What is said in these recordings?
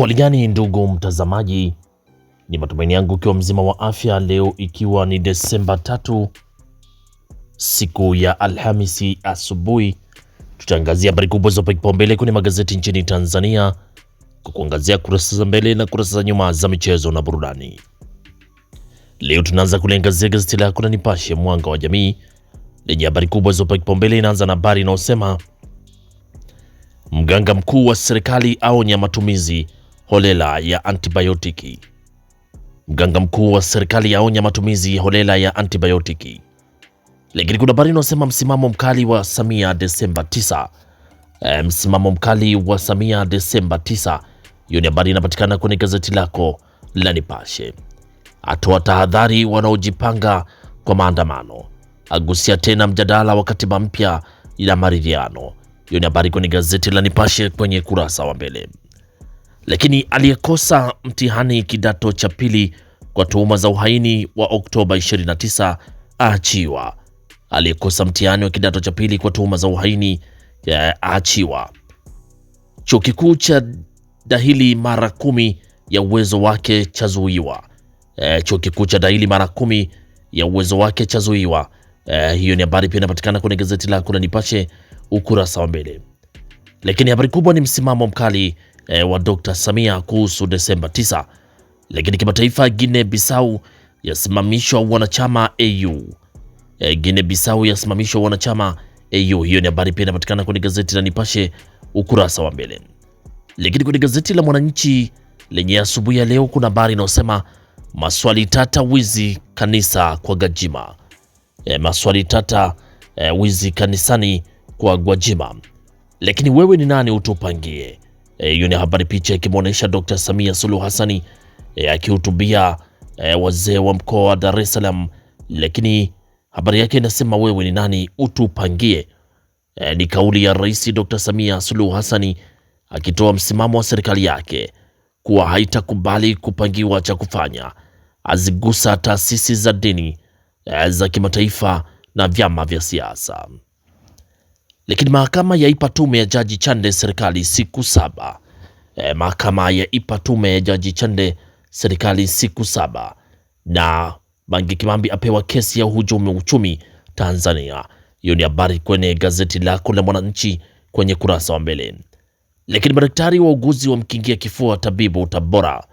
Hali gani ndugu mtazamaji, ni matumaini yangu ukiwa mzima wa afya leo, ikiwa ni Desemba tatu, siku ya Alhamisi asubuhi. Tutaangazia habari kubwa zopa kipaumbele kwenye magazeti nchini Tanzania kwa kuangazia kurasa za mbele na kurasa za nyuma za michezo na burudani. Leo tunaanza kuliangazia gazeti lako la Nipashe Mwanga wa Jamii lenye habari kubwa zopa kipaumbele. Inaanza na habari inayosema mganga mkuu wa serikali aonya matumizi holela ya antibiotiki. Mganga mkuu wa serikali yaonya matumizi holela ya antibiotiki. Lakini kuna habari inasema msimamo mkali wa Samia Desemba 9. E, msimamo mkali wa Samia Desemba 9. Hiyo ni habari inapatikana kwenye gazeti lako la Nipashe. Atoa tahadhari wanaojipanga kwa maandamano, agusia tena mjadala wa katiba mpya ya maridhiano. Hiyo ni habari kwenye gazeti la Nipashe kwenye kurasa wa mbele. Lakini aliyekosa mtihani kidato cha pili kwa tuhuma za uhaini wa Oktoba 29 aachiwa. Aliyekosa mtihani wa kidato cha pili kwa tuhuma za uhaini aachiwa. Chuo kikuu cha dahili mara kumi ya uwezo wake chazuiwa. E, chuo kikuu cha dahili mara kumi ya uwezo wake chazuiwa. E, hiyo ni habari pia inapatikana kwenye gazeti lako la Nipashe ukurasa wa mbele. Lakini habari kubwa ni msimamo mkali e, wa Dr. Samia kuhusu Desemba 9. Lakini kimataifa, Guinea Bissau yasimamishwa wanachama AU. E, eh, Guinea Bissau yasimamishwa wanachama AU. Hiyo ni habari pia inapatikana kwenye gazeti la Nipashe ukurasa wa mbele. Lakini kwenye gazeti la Mwananchi lenye asubuhi ya leo kuna habari inayosema maswali tata wizi kanisa kwa Gajima. E, eh, maswali tata e, wizi kanisani kwa Gwajima. Lakini wewe ni nani utupangie? Eh, hiyo e, ni habari picha ikimwonyesha Dr. Samia Suluhu hasani e, eh, akihutubia e, wazee wa mkoa wa Dar es Salaam, lakini habari yake inasema wewe ni nani utupangie. E, ni kauli ya Rais Dr. Samia Suluhu hasani akitoa msimamo wa serikali yake kuwa haitakubali kupangiwa cha kufanya, azigusa taasisi za dini e, za kimataifa na vyama vya siasa. Lakini mahakama yaipa tume ya Jaji Chande serikali siku saba. E, mahakama yaipa tume ya Jaji Chande serikali siku saba. Na Mange Kimambi apewa kesi ya hujumu uchumi Tanzania. Hiyo ni habari kwenye gazeti lako la Mwananchi kwenye kurasa wa mbele. Lakini madaktari wa uguzi wa mkingia kifua tabibu Tabora.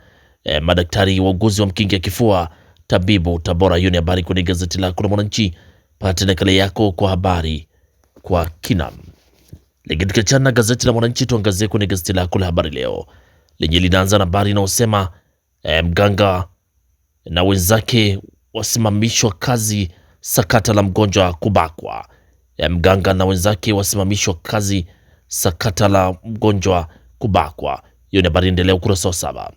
E, madaktari wa uguzi wa mkingia kifua tabibu Tabora. Hiyo ni habari kwenye gazeti lako la Mwananchi. Pata nakala yako kwa habari kwa kina. Lakini tukiachana na gazeti la Mwananchi, tuangazie kwenye gazeti lako la Habari Leo lenye linaanza na habari inayosema e, mganga na wenzake wasimamishwa kazi sakata la mgonjwa kubakwa. E, mganga na wenzake wasimamishwa kazi sakata la mgonjwa kubakwa. Hiyo ni habari endelea ukurasa wa saba.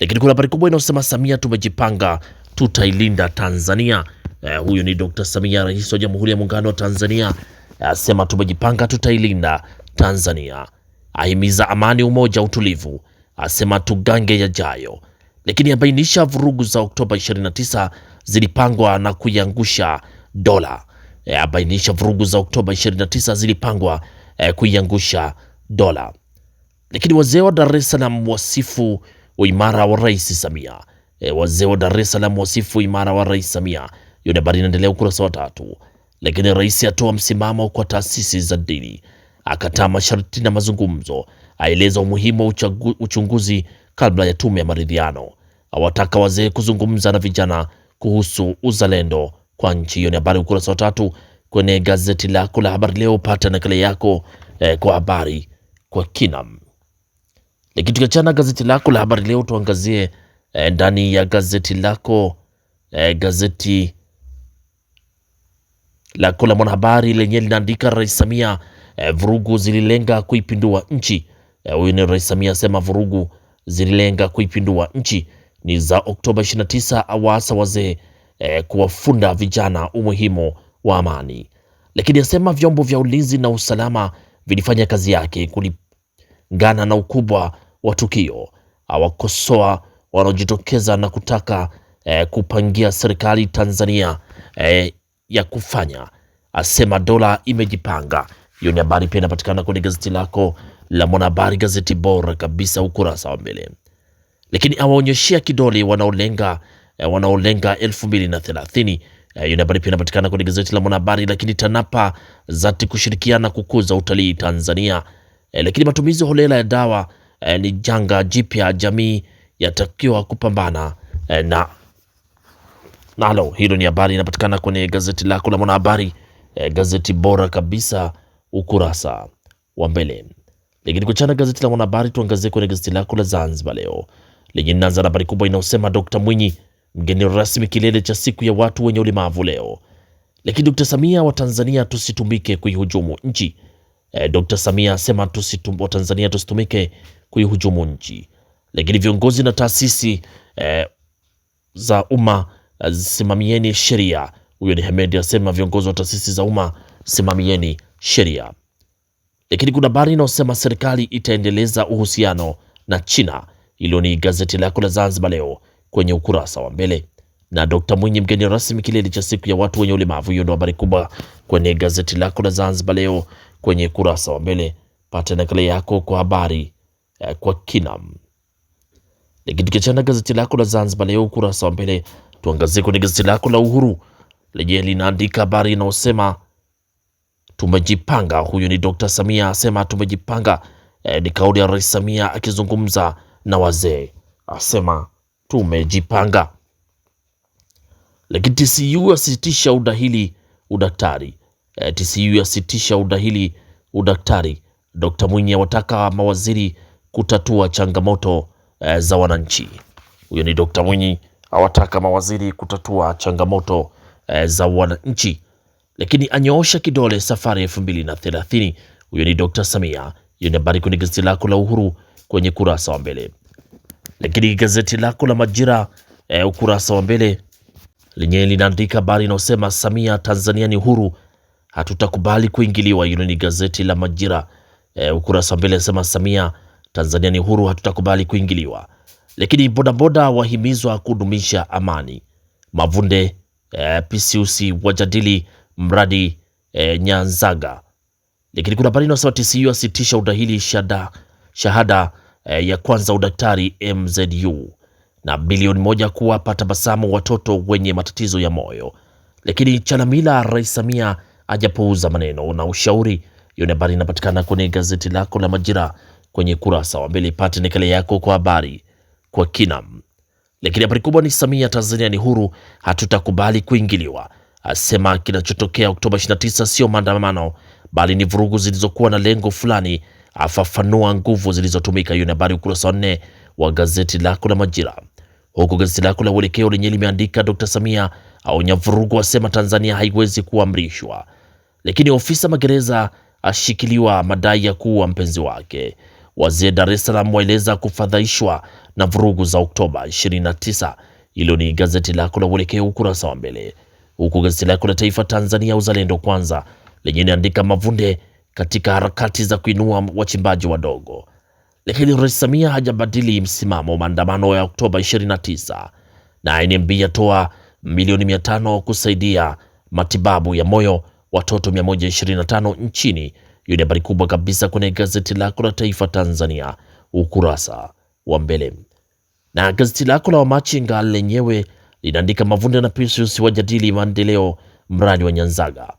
Lakini kuna habari kubwa inayosema Samia, tumejipanga tutailinda Tanzania. Eh, huyu ni Dr. Samia, rais wa Jamhuri ya Muungano wa Tanzania asema tumejipanga, tutailinda Tanzania, ahimiza amani, umoja, utulivu, asema tugange yajayo, lakini abainisha vurugu za Oktoba 29 zilipangwa na kuiangusha dola. E, abainisha vurugu za Oktoba 29 zilipangwa e, kuiangusha dola. Lakini wazee wa Dar es Salaam wasifu uimara wa Rais Samia. E, wazee wa Dar es Salaam wasifu uimara wa Rais Samia. Yule habari inaendelea ukurasa wa tatu lakini rais atoa msimamo kwa taasisi za dini, akataa masharti na mazungumzo, aeleza umuhimu wa uchunguzi kabla ya tume ya maridhiano, awataka wazee kuzungumza na vijana kuhusu uzalendo kwa nchi hiyo. Ni habari ukurasa wa tatu kwenye gazeti lako la habari leo, pata nakala yako eh, kwa habari kwa kina. Lakini tukiachana gazeti lako la habari leo, tuangazie eh, ndani ya gazeti lako eh, gazeti lako la Mwanahabari lenye linaandika Rais Samia e, vurugu zililenga kuipindua nchi. Eh, huyu e, ni Rais Samia asema vurugu zililenga kuipindua nchi. Ni za Oktoba 29 awasa wazee e, kuwafunda vijana umuhimu wa amani, lakini asema vyombo vya ulinzi na usalama vilifanya kazi yake kulingana na ukubwa wa tukio. Awakosoa wanaojitokeza na kutaka e, kupangia serikali Tanzania e, ya kufanya, asema dola imejipanga. Hiyo ni habari pia inapatikana kwenye gazeti lako la Mwanahabari, gazeti bora kabisa, ukurasa wa mbele. Lakini awaonyeshia kidole wanaolenga eh, wanaolenga elfu mbili na thelathini. Eh, hiyo ni habari pia inapatikana kwenye gazeti la Mwanahabari. Lakini TANAPA zati kushirikiana kukuza utalii Tanzania. Eh, lakini matumizi holela ya dawa ni janga jipya, jamii yatakiwa kupambana na nalo hilo ni habari inapatikana kwenye gazeti lako la Mwanahabari, eh, gazeti bora kabisa ukurasa wa mbele. Lakini kuchana gazeti la Mwanahabari, tuangazie kwenye gazeti lako la Zanzibar Leo lenye inaanza na habari kubwa inayosema Dr. Mwinyi mgeni rasmi kilele cha siku ya watu wenye ulemavu leo. Lakini Dr. Samia, wa Tanzania tusitumike kuihujumu nchi. Eh, Dr. Samia asema tusitum, Tanzania tusitumike kuihujumu nchi. Lakini viongozi na taasisi eh, za umma simamieni sheria. Huyo ni Hemedi asema viongozi wa taasisi za umma simamieni sheria. Lakini kuna habari inayosema serikali itaendeleza uhusiano na China. Hilo ni gazeti lako la Zanzibar Leo kwenye ukurasa wa mbele. Na Dr Mwinyi mgeni rasmi kilele cha siku ya watu wenye ulemavu. Hiyo ndo habari kubwa kwenye gazeti lako la Zanzibar Leo kwenye kurasa wa mbele. Pata nakala yako kwa habari eh, kwa kinam. Lakini tukiachana gazeti lako la Zanzibar Leo ukurasa wa mbele, Tuangazie kwenye gazeti lako la Uhuru lenye linaandika habari inayosema tumejipanga. Huyu ni Dr. Samia asema tumejipanga. E, ni kauli ya Rais Samia akizungumza na wazee asema tumejipanga. Lakini TCU asitisha udahili udaktari. E, TCU asitisha udahili udaktari. Dr. Mwinyi awataka mawaziri kutatua changamoto e, za wananchi. Huyo ni Dr. Mwinyi awataka mawaziri kutatua changamoto e, za wananchi, lakini anyoosha kidole safari elfu mbili na thelathini. Huyo ni Dr. Samia. Hiyo ni habari kwenye gazeti lako la Uhuru kwenye kurasa wa mbele, lakini gazeti lako la Majira e, ukurasa wa mbele lenyewe linaandika habari inayosema Samia, Tanzania ni huru, hatutakubali kuingiliwa. Hilo ni gazeti la Majira e, ukurasa wa mbele nasema Samia, Tanzania ni huru, hatutakubali kuingiliwa. Lakini bodaboda wahimizwa kudumisha amani. Mavunde eh, PCUC wajadili mradi eh, Nyanzaga. Lakini kuna habari inasema TCU asitisha udahili shahada, shahada eh, ya kwanza udaktari MZU na bilioni moja kuwapa tabasamu watoto wenye matatizo ya moyo. Lakini Chalamila, Rais Samia ajapuuza maneno na ushauri. Hiyo ni habari inapatikana kwenye gazeti lako la Majira kwenye kurasa wa mbele. Pate nikale yako kwa habari kwa kina. Lakini habari kubwa ni Samia, Tanzania ni huru, hatutakubali kuingiliwa, asema kinachotokea Oktoba 29 sio maandamano bali ni vurugu zilizokuwa na lengo fulani, afafanua nguvu zilizotumika. Hiyo ni habari ukurasa wa nne wa gazeti lako la Majira, huku gazeti lako la Uelekeo lenye limeandika Dr. Samia aonya vurugu, asema Tanzania haiwezi kuamrishwa. Lakini ofisa magereza ashikiliwa madai ya kuwa mpenzi wake. Wazee Dar es Salaam waeleza kufadhaishwa na vurugu za Oktoba 29. Hilo ni gazeti lako la Uelekeo ukurasa wa mbele, huku gazeti lako la Taifa Tanzania Uzalendo Kwanza lenye inaandika Mavunde katika harakati za kuinua wachimbaji wadogo, lakini Rais Samia hajabadili msimamo maandamano ya Oktoba 29, na NMB yatoa milioni 500 kusaidia matibabu ya moyo watoto 125 nchini. Hiyo ni habari kubwa kabisa kwenye gazeti lako la Taifa Tanzania ukurasa wa mbele. Na gazeti lako la Wamachinga lenyewe linaandika Mavunde na Pius wajadili maendeleo mradi wa Nyanzaga,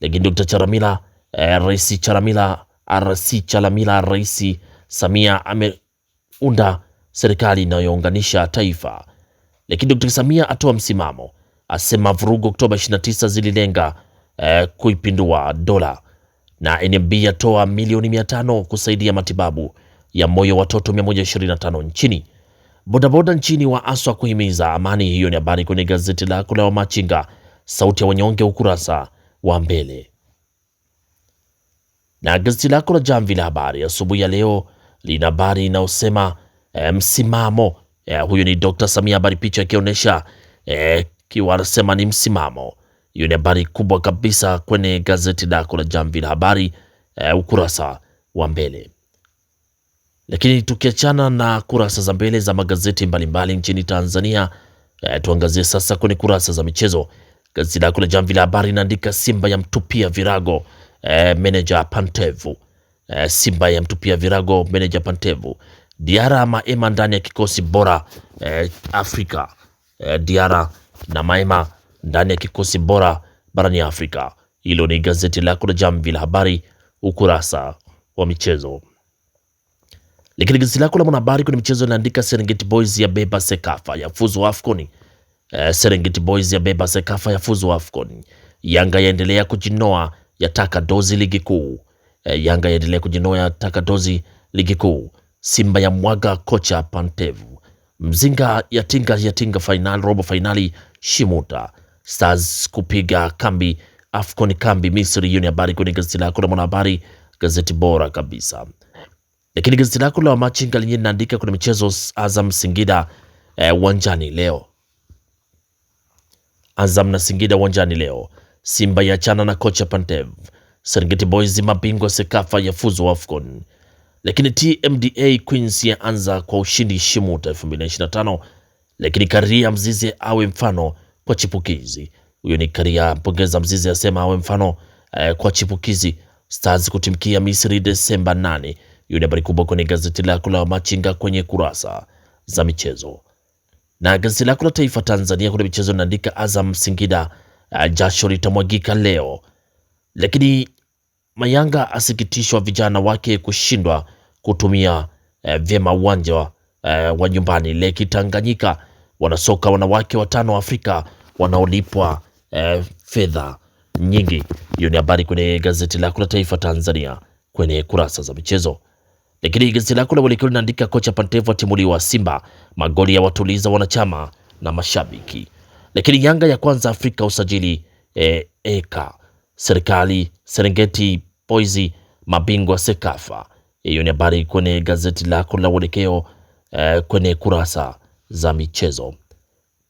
lakini Dr. Charamila eh, Rais Charamila RC Chalamila Rais Samia ameunda serikali inayounganisha taifa, lakini Dr. Samia atoa msimamo, asema vurugu Oktoba 29 zililenga eh, kuipindua dola, na NMB atoa milioni 500 kusaidia matibabu ya moyo watoto 125 nchini. Bodaboda nchini wa aswa kuhimiza amani. Hiyo ni habari kwenye gazeti lako la Wamachinga sauti ya wanyonge ukurasa wa mbele, na gazeti lako la Jamvi la Habari asubuhi ya, ya leo lina habari inayosema e, msimamo e, huyu ni Dr. Samia, habari picha akionyesha e, eh, kiwa anasema ni msimamo. Hiyo ni habari kubwa kabisa kwenye gazeti lako la Jamvi la Habari e, ukurasa wa mbele. Lakini tukiachana na kurasa za mbele za magazeti mbalimbali nchini Tanzania, eh, tuangazie sasa kwenye kurasa za michezo. Gazeti lako la Jamvi la Habari inaandika Simba ya mtupia virago eh, meneja Pantevu. Eh, Simba ya mtupia virago meneja Pantevu. Diara Maema ndani ya kikosi bora eh, Afrika. Eh, Diara na Maema ndani ya kikosi bora barani Afrika. Hilo ni gazeti lako la Jamvi la Habari ukurasa wa michezo. Lakini gazeti lako la Mwanahabari kwenye michezo linaandika Serengeti Boys ya beba Sekafa ya fuzu Afcon. Uh, Serengeti Boys ya beba Sekafa ya fuzu Afcon. Yanga yaendelea kujinoa yataka dozi ligi kuu. Uh, Yanga yaendelea kujinoa yataka dozi ligi kuu. Simba ya mwaga kocha Pantevu. Mzinga yatinga yatinga final robo finali Shimuta. Stars kupiga kambi Afcon kambi Misri. Hiyo ni habari kwenye gazeti lako la Mwanahabari, gazeti bora kabisa. Lakini gazeti lako la Wamachinga lenyewe linaandika kuna michezo Azam Singida eh, uwanjani eh, leo. Azam na Singida uwanjani leo. Simba ya chana na kocha Pantev. Serengeti Boys mabingwa Sekafa ya fuzu Afcon. Lakini TMDA Queens ya anza kwa ushindi Shimuta 2025. Lakini Karia Mzizi awe mfano kwa chipukizi. Huyo ni Karia pongeza Mzizi asema awe mfano eh, kwa chipukizi. Stars kutimkia Misri Desemba 8. Hiyo ni habari kubwa kwenye gazeti lako la Machinga kwenye kurasa za michezo. Na gazeti lako la Taifa Tanzania kwenye michezo linaandika Azam Singida, uh, jasho litamwagika leo. Lakini Mayanga asikitishwa vijana wake kushindwa kutumia uh, vyema uwanja uh, wa nyumbani. Leki Tanganyika wanasoka wanawake watano wa Afrika wanaolipwa uh, fedha nyingi. Hiyo ni habari kwenye gazeti lako la Taifa Tanzania kwenye kurasa za michezo. Lakini gazeti lako la Mwelekeo linaandika kocha Pantevo atimuliwa Simba, magoli ya watuliza wanachama na mashabiki. Lakini Yanga ya kwanza Afrika usajili e, eka serikali Serengeti Boys mabingwa Sekafa. Hiyo ni habari kwenye gazeti lako la Uelekeo e, eh, kwenye kurasa za michezo.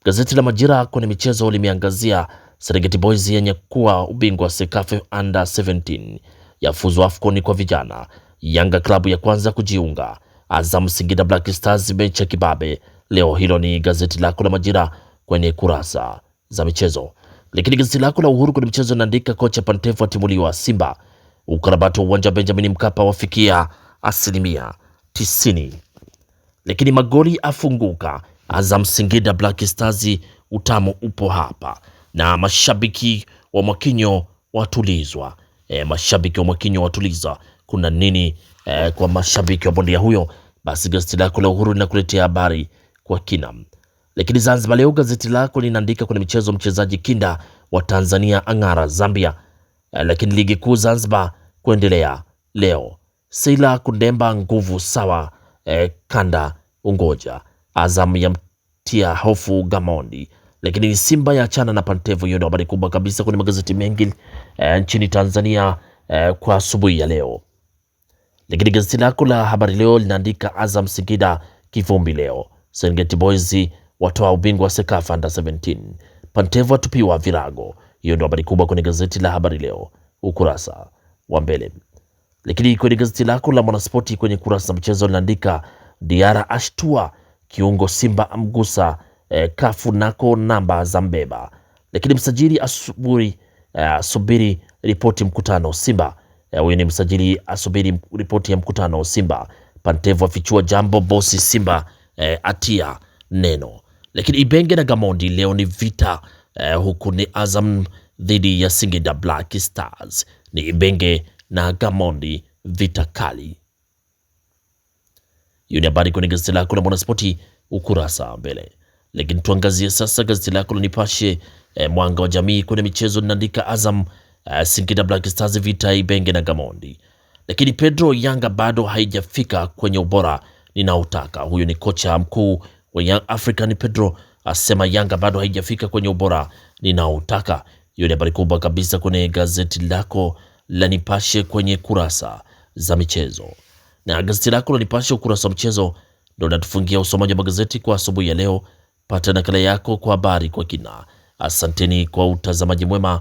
Gazeti la Majira kwenye michezo limeangazia Serengeti Boys yenye kuwa ubingwa Sekafa under 17 yafuzu AFCON kwa vijana Yanga klabu ya kwanza kujiunga Azam Singida Black Stars mechi ya kibabe leo. Hilo ni gazeti lako la Majira kwenye kurasa za michezo, lakini gazeti lako la Uhuru kwenye michezo linaandika kocha Pantevu atimuliwa Simba, ukarabati wa uwanja wa Benjamin Mkapa wafikia asilimia tisini, lakini magoli afunguka Azam Singida Black Stars, utamu upo hapa, na mashabiki wa Mwakinyo watulizwa. E, mashabiki wa Mwakinyo watulizwa kuna nini eh, kwa mashabiki wa bondia huyo, basi gazeti lako la Uhuru linakuletea habari kwa kina. Lakini Zanzibar Leo gazeti lako linaandika kwenye michezo, mchezaji kinda wa Tanzania ang'ara Zambia. Eh, lakini ligi kuu Zanzibar kuendelea leo, Sila Kundemba nguvu sawa, eh, kanda ungoja, Azam mtia hofu Gamondi lakini Simba ya chana na Pantevu. Hiyo ndio habari kubwa kabisa kwenye magazeti mengi eh, nchini Tanzania eh, kwa asubuhi ya leo. Lakini gazeti lako la Habari Leo linaandika Azam Singida kivumbi leo, Serengeti Boys watoa ubingwa wa Sekafa under 17, Pantevo atupiwa virago. Hiyo ndio habari kubwa kwenye gazeti la Habari Leo ukurasa wa mbele. Lakini kwenye gazeti lako la Mwanaspoti kwenye kurasa za mchezo linaandika Diara ashtua kiungo Simba amgusa eh, kafu nako namba za mbeba. Lakini msajili eh, asubiri, eh, subiri ripoti mkutano Simba Eh, huyu ni msajili asubiri ripoti ya mkutano Simba. Pantevo afichua jambo bosi Simba eh, atia neno. Lakini Ibenge na Gamondi leo ni vita eh, huku ni Azam dhidi ya Singida Black Stars. Ni Ibenge na Gamondi vita kali. Hiyo ni habari kwenye gazeti lako la Mwanaspoti ukurasa wa mbele. Lakini tuangazie sasa gazeti lako la Nipashe eh, mwanga wa jamii kwenye michezo linaandika Azam Eh, Singida Black Stars vita Ibenge na Gamondi, lakini Pedro Yanga bado haijafika kwenye ubora ninaotaka. Huyo ni kocha mkuu wa Young African Pedro asema Yanga bado haijafika kwenye ubora ninaotaka. Hiyo ni habari kubwa kabisa kwenye gazeti lako la Nipashe kwenye kurasa za michezo, na gazeti lako la Nipashe ukurasa wa michezo ndio natufungia usomaji wa magazeti kwa asubuhi ya leo. Pata nakala yako kwa habari kwa kina. Asanteni kwa utazamaji mwema